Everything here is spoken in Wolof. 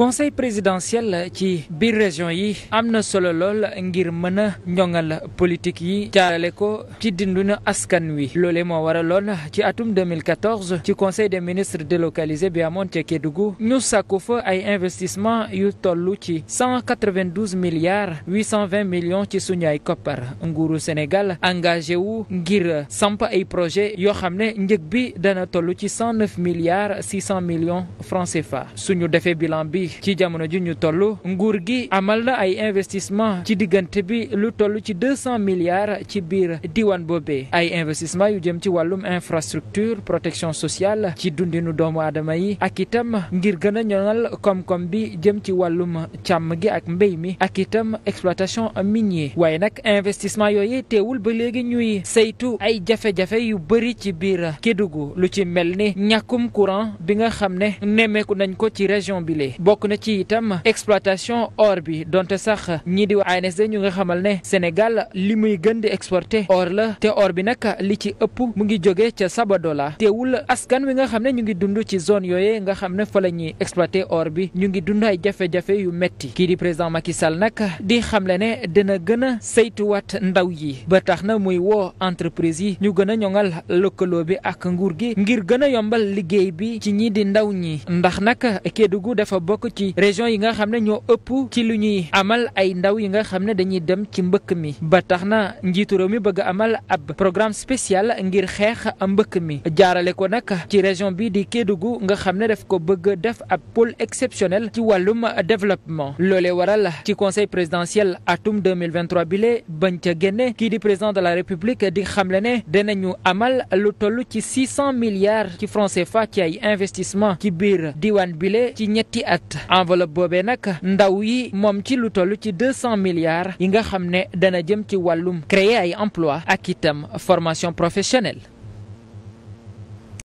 conseil présidentiel ci biir région yi am na solo lool ngir mën a ñoŋal politique yi jaarale ko ci dinduna askan wi loole moo waraloon ci atum 2014 ci conseil des de délocalisé bi amoon ca Kédougou ñu sàkku fa ay investissement yu tollu ci 192 milliards 820 millions ci suñu ay koppar nguuru Sénégal engagé wu ngir samp ay projet yoo xam ne njëg bi dana toll ci 109 milliards 600 millions francs CFA suñu defee bilan bi ci jamono ji ñu tollu nguur gi amal na ay investissement ci diggante bi lu toll ci deux cent milliards ci biir diwaan boobee ay investissement yu jëm ci wàllum infrastructure protection sociale ci dundinu doomu aadama yi ak itam ngir gën a ñoŋal koom bi jëm ci wàllum càmm gi ak mbéy mi ak itam exploitation minier waaye nag investissement yooyu teewul ba léegi ñuy saytu ay jafe-jafe yu bëri ci biir Kédougou lu ci mel ni ñàkkum courant bi nga xam ne nemmeeku nañ ko bokk itam exploitation or bi donte sax ñii di ANSD ñu nga xamal ne Sénégal li muy gën di exporter or la te or bi nag li ci ëpp mu ngi jóge ca Sabadola teewul askan wi nga xam ne ñu ngi dund ci zone yooyee nga xam ne fa la ñuy exploiter or bi ñu ngi dund ay jafe-jafe yu metti kii di président Macky Sall nag di xamle ne dina gën a saytuwaat ndaw yi ba tax na muy woo entreprise yi ñu gën a ñoŋal lëkkaloo bi ak nguur gi ngir gën a yombal liggéey bi ci ñii di ndaw ñi ndax nag Kédougou dafa bokk bokk ci région yi nga xam ne ñoo ëpp ci lu ñuy amal ay ndaw yi nga xam ne dañuy dem ci mbëkk mi ba tax na njiitu réew mi bëgg amal ab programme spécial ngir xeex mbëkk mi jaarale ko nag ci région bi di Kédougou nga xam ne daf ko bëgg def ab pôle exceptionnel ci wàllum développement loole waral ci conseil présidentiel atum 2023 bile bañ ca génne kii di président de la république di xamle ne danañu amal lu toll ci 600 milliards ci francs CFA ci ay investissement ci biir at enveloppe boobee nag ndaw yi moom ci lu toll ci deux cent milliards yi nga xam ne dana jëm ci wàllum créer ay emploi ak itam formation professionnelle